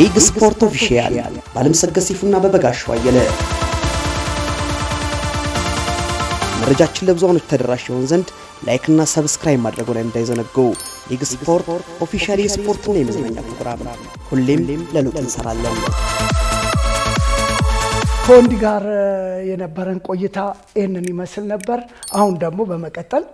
ሊግ ስፖርት ኦፊሻል በአለም ሰገድ ሲፉና በበጋሻው አየለ መረጃችን ለብዙሃኖች ተደራሽ ይሆን ዘንድ ላይክና ሰብስክራይብ ማድረጉን እንዳይዘነጉ። ሊግ ስፖርት ኦፊሻል የስፖርትና የመዝናኛ ፕሮግራም ሁሌም ለለውጥ እንሰራለን። ከወንዲ ጋር የነበረን ቆይታ ይህንን ይመስል ነበር። አሁን ደግሞ በመቀጠል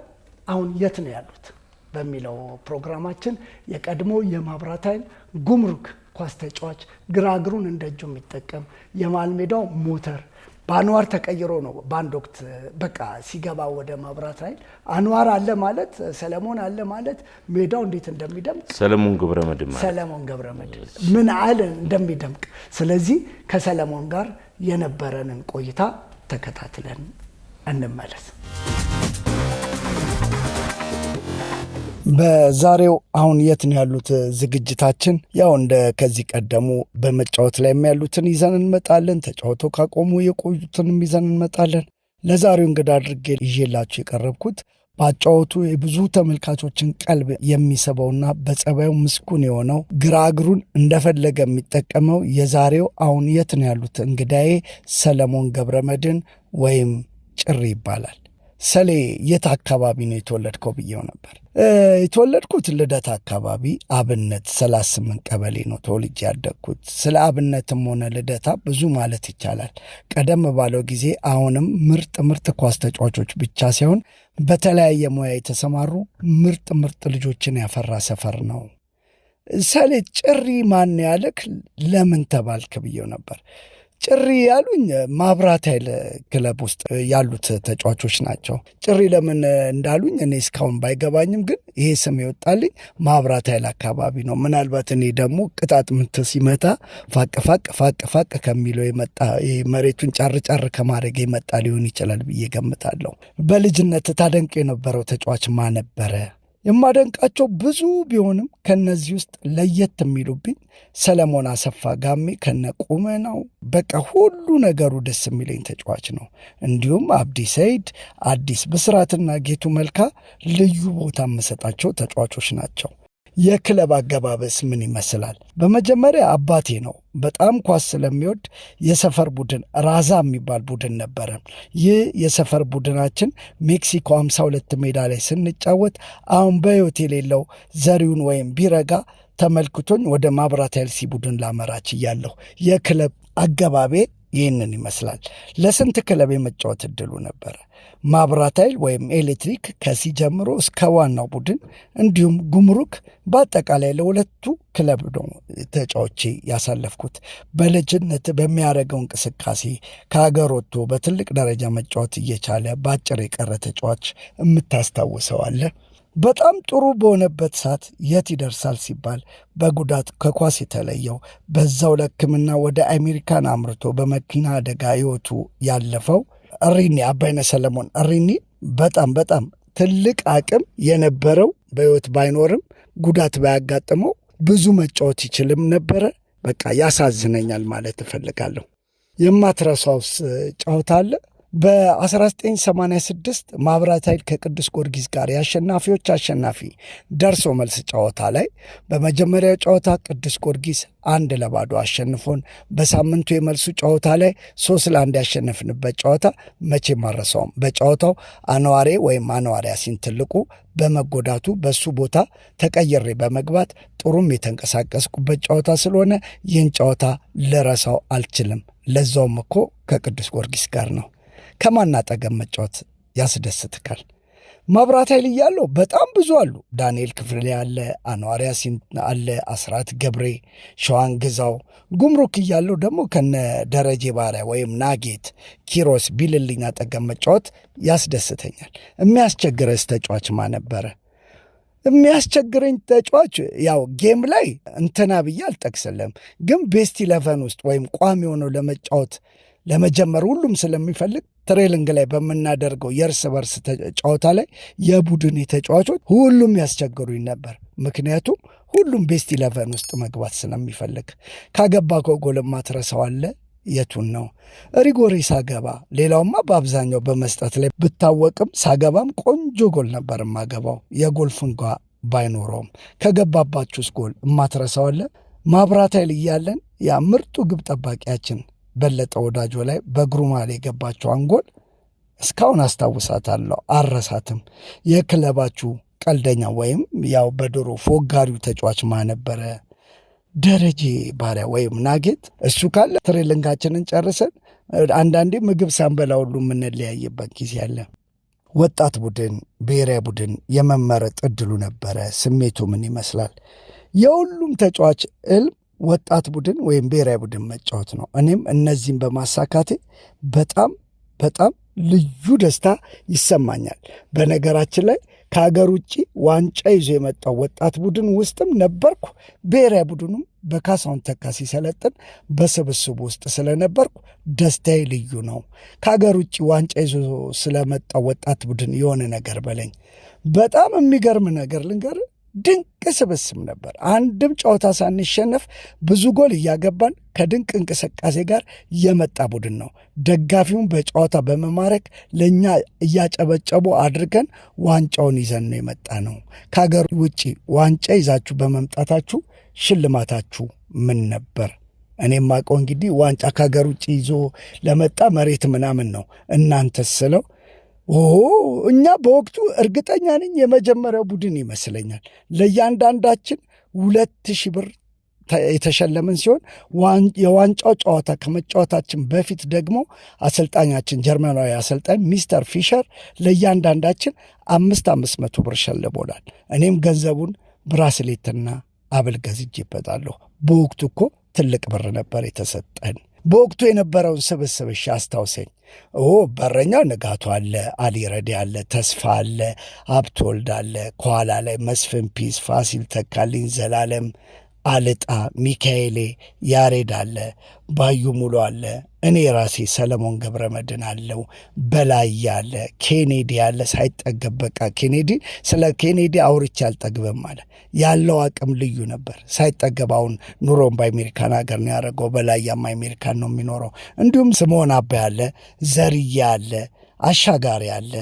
አሁን የት ነው ያሉት በሚለው ፕሮግራማችን የቀድሞ የማብራት ኃይል ጉምሩክ ኳስ ተጫዋች ግራ እግሩን እንደ እጁ የሚጠቀም የመሀል ሜዳው ሞተር በአንዋር ተቀይሮ ነው። በአንድ ወቅት በቃ ሲገባ ወደ መብራት ኃይል አንዋር አለ ማለት ሰለሞን አለ ማለት ሜዳው እንዴት እንደሚደምቅ ሰለሞን ገብረመድኅን ሰለሞን ገብረመድኅን ምን አለ እንደሚደምቅ። ስለዚህ ከሰለሞን ጋር የነበረንን ቆይታ ተከታትለን እንመለስ። በዛሬው አሁን የት ነው ያሉት ዝግጅታችን ያው እንደ ከዚህ ቀደሙ በመጫወት ላይ ያሉትን ይዘን እንመጣለን። ተጫውተው ካቆሙ የቆዩትንም ይዘን እንመጣለን። ለዛሬው እንግዳ አድርጌ ይዤላችሁ የቀረብኩት በአጫወቱ የብዙ ተመልካቾችን ቀልብ የሚስበውና በጸባዩ ምስጉን የሆነው ግራ እግሩን እንደፈለገ የሚጠቀመው የዛሬው አሁን የት ነው ያሉት እንግዳዬ ሰለሞን ገብረመድን ወይም ጭሪ ይባላል። ሰሌ የት አካባቢ ነው የተወለድከው ብዬው ነበር። የተወለድኩት ልደት አካባቢ አብነት ሰላሳ ስምንት ቀበሌ ነው ተወልጄ ያደግኩት። ስለ አብነትም ሆነ ልደታ ብዙ ማለት ይቻላል። ቀደም ባለው ጊዜ አሁንም ምርጥ ምርጥ ኳስ ተጫዋቾች ብቻ ሳይሆን በተለያየ ሙያ የተሰማሩ ምርጥ ምርጥ ልጆችን ያፈራ ሰፈር ነው። ሰሌ ጭሪ ማን ያለክ? ለምን ተባልክ ብዬው ነበር ጭሪ ያሉኝ ማብራት ኃይል ክለብ ውስጥ ያሉት ተጫዋቾች ናቸው። ጭሪ ለምን እንዳሉኝ እኔ እስካሁን ባይገባኝም፣ ግን ይሄ ስም ይወጣልኝ ማብራት ኃይል አካባቢ ነው። ምናልባት እኔ ደግሞ ቅጣት ምት ሲመታ ፋቅ ፋቅ ፋቅ ፋቅ ከሚለው የመጣ መሬቱን ጫር ጫር ከማድረግ የመጣ ሊሆን ይችላል ብዬ ገምታለሁ። በልጅነት ታደንቅ የነበረው ተጫዋች ማ ነበረ? የማደንቃቸው ብዙ ቢሆንም ከነዚህ ውስጥ ለየት የሚሉብኝ ሰለሞን አሰፋ ጋሜ ከነ ቁመናው በቃ ሁሉ ነገሩ ደስ የሚለኝ ተጫዋች ነው። እንዲሁም አብዲ ሰይድ፣ አዲስ ብስራትና ጌቱ መልካ ልዩ ቦታ የምሰጣቸው ተጫዋቾች ናቸው። የክለብ አገባበስ ምን ይመስላል? በመጀመሪያ አባቴ ነው በጣም ኳስ ስለሚወድ የሰፈር ቡድን ራዛ የሚባል ቡድን ነበረ። ይህ የሰፈር ቡድናችን ሜክሲኮ 52 ሜዳ ላይ ስንጫወት አሁን በሕይወት የሌለው ዘሪውን ወይም ቢረጋ ተመልክቶኝ ወደ ማብራት ኤልሲ ቡድን ላመራች እያለሁ የክለብ አገባቤ ይህንን ይመስላል። ለስንት ክለብ የመጫወት እድሉ ነበረ? ማብራት ኃይል ወይም ኤሌክትሪክ ከሲ ጀምሮ እስከ ዋናው ቡድን እንዲሁም ጉምሩክ በአጠቃላይ ለሁለቱ ክለብ ነው ተጫዎቼ ያሳለፍኩት። በልጅነት በሚያደርገው እንቅስቃሴ ከሀገር ወጥቶ በትልቅ ደረጃ መጫወት እየቻለ በአጭር የቀረ ተጫዋች የምታስታውሰው አለ? በጣም ጥሩ በሆነበት ሰዓት የት ይደርሳል ሲባል በጉዳት ከኳስ የተለየው በዛው ለሕክምና ወደ አሜሪካን አምርቶ በመኪና አደጋ ሕይወቱ ያለፈው እሪኒ አባይነ ሰለሞን እሪኒ በጣም በጣም ትልቅ አቅም የነበረው በህይወት ባይኖርም ጉዳት ባያጋጥመው ብዙ መጫወት ይችልም ነበረ። በቃ ያሳዝነኛል ማለት እፈልጋለሁ። የማትረሳውስ ጨዋታ አለ? በ1986 ማብራት ኃይል ከቅዱስ ጊዮርጊስ ጋር የአሸናፊዎች አሸናፊ ደርሶ መልስ ጨዋታ ላይ በመጀመሪያው ጨዋታ ቅዱስ ጊዮርጊስ አንድ ለባዶ አሸንፎን በሳምንቱ የመልሱ ጨዋታ ላይ ሶስት ለአንድ ያሸነፍንበት ጨዋታ መቼ ማረሰውም። በጨዋታው አነዋሬ ወይም አነዋሪ ያሲን ትልቁ በመጎዳቱ በሱ ቦታ ተቀይሬ በመግባት ጥሩም የተንቀሳቀስኩበት ጨዋታ ስለሆነ ይህን ጨዋታ ልረሳው አልችልም። ለዛውም እኮ ከቅዱስ ጊዮርጊስ ጋር ነው። ከማን አጠገብ መጫወት ያስደስትካል? መብራት ኃይል እያለው በጣም ብዙ አሉ። ዳንኤል ክፍሌ አለ፣ አንዋር ያሲን አለ፣ አስራት ገብሬ፣ ሸዋን ግዛው። ጉምሩክ እያለው ደግሞ ከነ ደረጀ ባሪያ ወይም ናጌት፣ ኪሮስ፣ ቢልልኝ አጠገብ መጫወት ያስደስተኛል። የሚያስቸግረስ ተጫዋች ማ ነበረ? የሚያስቸግረኝ ተጫዋች ያው ጌም ላይ እንትና ብዬ አልጠቅስልም፣ ግን ቤስት ኢለቨን ውስጥ ወይም ቋሚ ሆነው ለመጫወት ለመጀመር ሁሉም ስለሚፈልግ ትሬልንግ ላይ በምናደርገው የእርስ በርስ ጨዋታ ላይ የቡድን ተጫዋቾች ሁሉም ያስቸግሩኝ ነበር። ምክንያቱም ሁሉም ቤስት ኢለቨን ውስጥ መግባት ስለሚፈልግ ካገባ ከጎል ማትረሰዋለ የቱን ነው ሪጎሪ ሳገባ፣ ሌላውማ በአብዛኛው በመስጠት ላይ ብታወቅም ሳገባም ቆንጆ ጎል ነበር የማገባው። የጎል ፍንጓ ባይኖረውም ከገባባችሁስ ጎል እማትረሰው አለ ማብራት ኃይል እያለን ያ ምርጡ ግብ ጠባቂያችን በለጠ ወዳጆ ላይ በጉሩማሌ የገባቸው አንጎል እስካሁን አስታውሳታለሁ፣ አረሳትም። የክለባችሁ ቀልደኛ ወይም ያው በድሮ ፎጋሪው ተጫዋች ማ ነበረ? ደረጀ ባሪያ ወይም ናጌት። እሱ ካለ ትሬልንጋችንን ጨርሰን አንዳንዴ ምግብ ሳንበላ ሁሉ የምንለያይበት ጊዜ አለ። ወጣት ቡድን ብሔራዊ ቡድን የመመረጥ እድሉ ነበረ። ስሜቱ ምን ይመስላል? የሁሉም ተጫዋች እልም ወጣት ቡድን ወይም ብሔራዊ ቡድን መጫወት ነው። እኔም እነዚህም በማሳካቴ በጣም በጣም ልዩ ደስታ ይሰማኛል። በነገራችን ላይ ከሀገር ውጭ ዋንጫ ይዞ የመጣው ወጣት ቡድን ውስጥም ነበርኩ። ብሔራዊ ቡድኑም በካሳሁን ተካ ሲሰለጥን በስብስቡ ውስጥ ስለነበርኩ ደስታዬ ልዩ ነው። ከሀገር ውጭ ዋንጫ ይዞ ስለመጣው ወጣት ቡድን የሆነ ነገር በለኝ። በጣም የሚገርም ነገር ልንገር ድንቅ ስብስብ ነበር። አንድም ጨዋታ ሳንሸነፍ ብዙ ጎል እያገባን ከድንቅ እንቅስቃሴ ጋር የመጣ ቡድን ነው። ደጋፊውን በጨዋታ በመማረክ ለእኛ እያጨበጨቡ አድርገን ዋንጫውን ይዘን ነው የመጣ ነው። ከሀገር ውጭ ዋንጫ ይዛችሁ በመምጣታችሁ ሽልማታችሁ ምን ነበር? እኔ ማውቀው እንግዲህ ዋንጫ ከሀገር ውጭ ይዞ ለመጣ መሬት ምናምን ነው። እናንተስ ስለው ኦ እኛ በወቅቱ እርግጠኛ ነኝ የመጀመሪያው ቡድን ይመስለኛል። ለእያንዳንዳችን ሁለት ሺህ ብር የተሸለመን ሲሆን የዋንጫው ጨዋታ ከመጫወታችን በፊት ደግሞ አሰልጣኛችን ጀርመናዊ አሰልጣኝ ሚስተር ፊሸር ለእያንዳንዳችን አምስት አምስት መቶ ብር ሸልሞናል። እኔም ገንዘቡን ብራስሌትና አብል ይበጣለሁ። በወቅቱ እኮ ትልቅ ብር ነበር የተሰጠን። በወቅቱ የነበረውን ስብስብሽ አስታውሰኝ። ኦ በረኛው ንጋቱ አለ፣ አሊረዲ አለ፣ ተስፋ አለ፣ ሀብትወልድ አለ፣ ከኋላ ላይ መስፍን ፒስ፣ ፋሲል ተካልኝ፣ ዘላለም አልጣ፣ ሚካኤሌ፣ ያሬድ አለ፣ ባዩ ሙሉ አለ፣ እኔ ራሴ ሰለሞን ገብረ መድን አለው በላይ ያለ ኬኔዲ ያለ ሳይጠገብ በቃ ኬኔዲ ስለ ኬኔዲ አውርቼ አልጠግብም አለ። ያለው አቅም ልዩ ነበር ሳይጠገብ። አሁን ኑሮን በአሜሪካን ሀገር ነው ያደረገው። በላይ ያም አሜሪካን ነው የሚኖረው። እንዲሁም ስምዖን አባ ያለ ዘርዬ አለ አሻጋሪ አለ።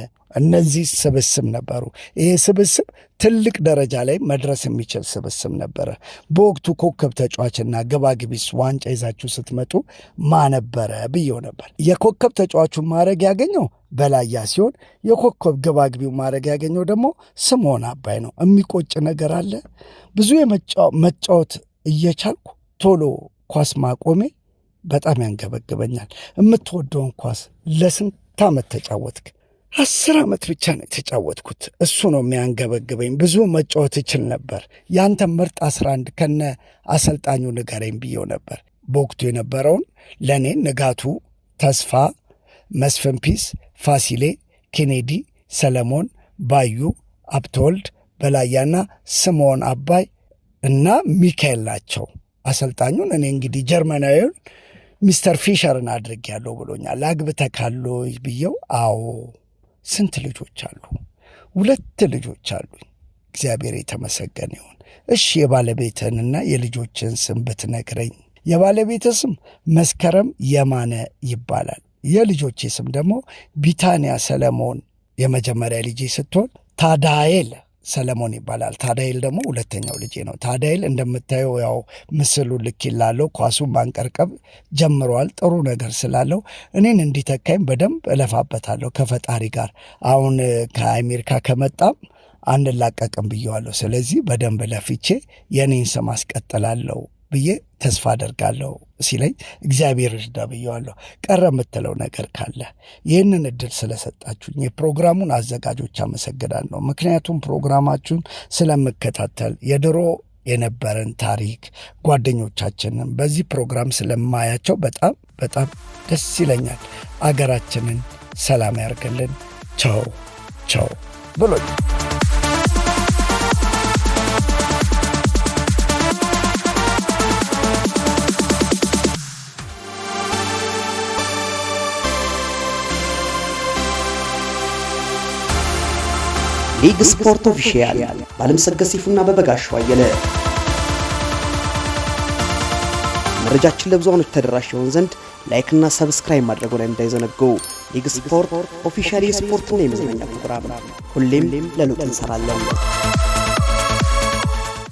እነዚህ ስብስብ ነበሩ። ይሄ ስብስብ ትልቅ ደረጃ ላይ መድረስ የሚችል ስብስብ ነበረ። በወቅቱ ኮከብ ተጫዋችና ገባግቢስ ዋንጫ ይዛችሁ ስትመጡ ማነበረ ብየው ነበር። የኮከብ ተጫዋቹን ማድረግ ያገኘው በላያ ሲሆን የኮከብ ገባግቢው ማድረግ ያገኘው ደግሞ ስምዖን አባይ ነው። የሚቆጭ ነገር አለ። ብዙ መጫወት እየቻልኩ ቶሎ ኳስ ማቆሜ በጣም ያንገበግበኛል። የምትወደውን ኳስ ለስንት ዓመት ተጫወትክ? አስር ዓመት ብቻ ነው የተጫወትኩት። እሱ ነው የሚያንገበግበኝ። ብዙ መጫወት እችል ነበር። ያንተ ምርጥ አስራ አንድ ከነ አሰልጣኙ ንገረኝ ብየው ነበር። በወቅቱ የነበረውን ለእኔ ንጋቱ፣ ተስፋ፣ መስፍን ፒስ፣ ፋሲሌ፣ ኬኔዲ፣ ሰለሞን ባዩ፣ አብተወልድ በላያና ስምዖን አባይ እና ሚካኤል ናቸው አሰልጣኙን። እኔ እንግዲህ ጀርመናዊውን ሚስተር ፊሸርን አድርጌያለሁ ብሎኛል። አግብተህ ካሉ ብየው አዎ ስንት ልጆች አሉ? ሁለት ልጆች አሉኝ። እግዚአብሔር የተመሰገነ ይሁን። እሺ የባለቤትህንና የልጆችን ስም ብትነግረኝ? የባለቤት ስም መስከረም የማነ ይባላል። የልጆቼ ስም ደግሞ ቢታንያ ሰለሞን የመጀመሪያ ልጄ ስትሆን ታዳኤል ሰለሞን ይባላል። ታዳይል ደግሞ ሁለተኛው ልጄ ነው። ታዳይል እንደምታየው ያው ምስሉ ልክ ይላለው ኳሱ ማንቀርቀብ ጀምረዋል። ጥሩ ነገር ስላለው እኔን እንዲተካኝ በደንብ እለፋበታለሁ ከፈጣሪ ጋር። አሁን ከአሜሪካ ከመጣም አንላቀቅም ብየዋለሁ። ስለዚህ በደንብ ለፍቼ የኔን ስም አስቀጥላለሁ ብዬ ተስፋ አደርጋለሁ። ሲለኝ እግዚአብሔር እርዳ ብየዋለሁ። ቀረ የምትለው ነገር ካለ ይህንን እድል ስለሰጣችሁኝ የፕሮግራሙን አዘጋጆች አመሰግናለሁ። ምክንያቱም ፕሮግራማችሁን ስለምከታተል የድሮ የነበረን ታሪክ ጓደኞቻችንን በዚህ ፕሮግራም ስለማያቸው በጣም በጣም ደስ ይለኛል። አገራችንን ሰላም ያርግልን። ቸው ቸው ብሎኛል። ቢግ ስፖርት ኦፊሻል በአለም ሰገድ ሲፉና በበጋሻው አየለ መረጃችን ለብዙዎች ተደራሽ ይሆን ዘንድ ላይክ እና ሰብስክራይብ ማድረጉን እንዳይዘነጉ። ቢግ ስፖርት ኦፊሻል የስፖርትና የመዝናኛ ፕሮግራም ሁሌም ለለውጥ እንሰራለን።